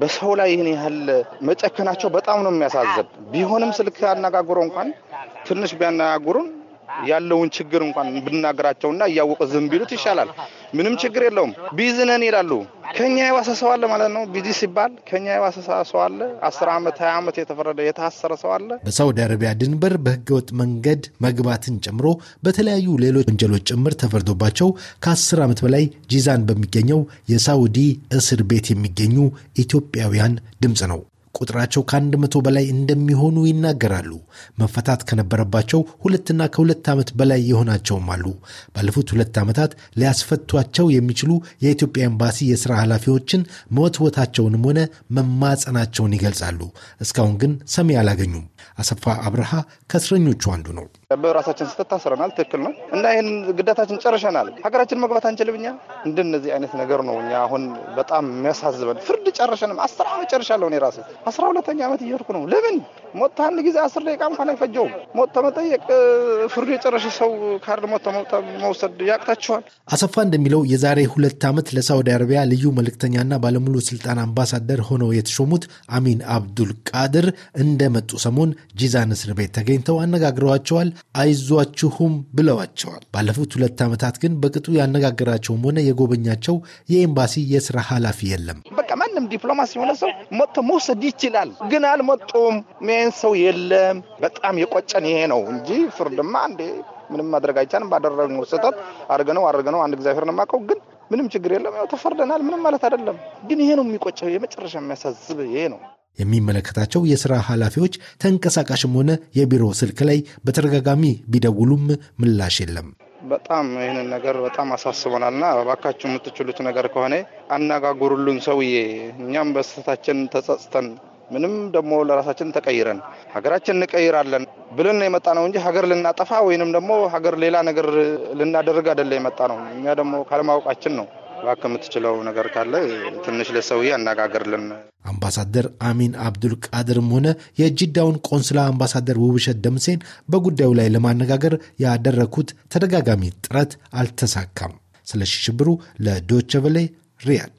በሰው ላይ ይህን ያህል መጨከናቸው በጣም ነው የሚያሳዝን። ቢሆንም ስልክ አነጋግሮ እንኳን ትንሽ ቢያነጋግሩን ያለውን ችግር እንኳን ብናገራቸውና እያወቀ ዝም ቢሉት ይሻላል። ምንም ችግር የለውም ቢዝነን ይላሉ። ከኛ የባሰ ሰው አለ ማለት ነው። ቢዚ ሲባል ከኛ የባሰ ሰው አለ። አስር ዓመት ሀያ ዓመት የተፈረደ የታሰረ ሰው አለ። በሳውዲ አረቢያ ድንበር በህገወጥ መንገድ መግባትን ጨምሮ በተለያዩ ሌሎች ወንጀሎች ጭምር ተፈርዶባቸው ከአስር ዓመት በላይ ጂዛን በሚገኘው የሳውዲ እስር ቤት የሚገኙ ኢትዮጵያውያን ድምፅ ነው። ቁጥራቸው ከአንድ መቶ በላይ እንደሚሆኑ ይናገራሉ። መፈታት ከነበረባቸው ሁለትና ከሁለት ዓመት በላይ የሆናቸውም አሉ። ባለፉት ሁለት ዓመታት ሊያስፈቷቸው የሚችሉ የኢትዮጵያ ኤምባሲ የሥራ ኃላፊዎችን መወትወታቸውንም ሆነ መማጸናቸውን ይገልጻሉ። እስካሁን ግን ሰሚ አላገኙም። አሰፋ አብርሃ ከእስረኞቹ አንዱ ነው። በራሳችን ስህተት ታስረናል። ትክክል ነው እና ይህን ግዳታችን ጨርሸናል። ሀገራችን መግባት አንችልም። እኛ እንደነዚህ አይነት ነገር ነው እኛ አሁን በጣም የሚያሳዝበን። ፍርድ ጨርሸንም አስር ዓመት ጨርሻለሁ። እኔ ራሴ አስራ ሁለተኛ ዓመት እየሄድኩ ነው። ለምን ሞት አንድ ጊዜ አስር ደቂቃ እንኳን አይፈጀውም። ሞት ተመጠየቅ ፍርዱ የጨረሸ ሰው ካርድ ሞት መውሰድ ያቅታችኋል። አሰፋ እንደሚለው የዛሬ ሁለት ዓመት ለሳውዲ አረቢያ ልዩ መልእክተኛና ባለሙሉ ስልጣን አምባሳደር ሆነው የተሾሙት አሚን አብዱል ቃድር እንደመጡ ሰሞን ጂዛን እስር ቤት ተገኝተው አነጋግረዋቸዋል። አይዟችሁም ብለዋቸዋል። ባለፉት ሁለት ዓመታት ግን በቅጡ ያነጋገራቸውም ሆነ የጎበኛቸው የኤምባሲ የስራ ኃላፊ የለም። በቃ ማንም ዲፕሎማሲ የሆነ ሰው መጥቶ መውሰድ ይችላል፣ ግን አልመጡም። ሜን ሰው የለም። በጣም የቆጨን ይሄ ነው እንጂ ፍርድማ እንዴ ምንም ማድረግ አይቻልም። ባደረግነው ስህተት አድርገነው አድርገነው አንድ እግዚአብሔር ነው የማውቀው ግን ምንም ችግር የለም። ያው ተፈርደናል። ምንም ማለት አይደለም። ግን ይሄ ነው የሚቆጨው። የመጨረሻ የሚያሳዝብ ይሄ ነው። የሚመለከታቸው የሥራ ኃላፊዎች ተንቀሳቃሽም ሆነ የቢሮ ስልክ ላይ በተደጋጋሚ ቢደውሉም ምላሽ የለም። በጣም ይህንን ነገር በጣም አሳስበናል እና እባካችሁ የምትችሉት ነገር ከሆነ አነጋግሩልን ሰውዬ። እኛም በስህተታችን ተጸጽተን ምንም ደግሞ ለራሳችን ተቀይረን ሀገራችን እንቀይራለን ብለን የመጣ ነው እንጂ ሀገር ልናጠፋ ወይንም ደግሞ ሀገር ሌላ ነገር ልናደርግ አይደለ የመጣ ነው። እኛ ደግሞ ካለማወቃችን ነው። እባክህ የምትችለው ነገር ካለ ትንሽ ለሰውዬ አነጋግርልን። አምባሳደር አሚን አብዱል ቃድርም ሆነ የጅዳውን ቆንስላ አምባሳደር ውብሸት ደምሴን በጉዳዩ ላይ ለማነጋገር ያደረግኩት ተደጋጋሚ ጥረት አልተሳካም። ስለሺ ሽብሩ ለዶቸ ቬለ ሪያድ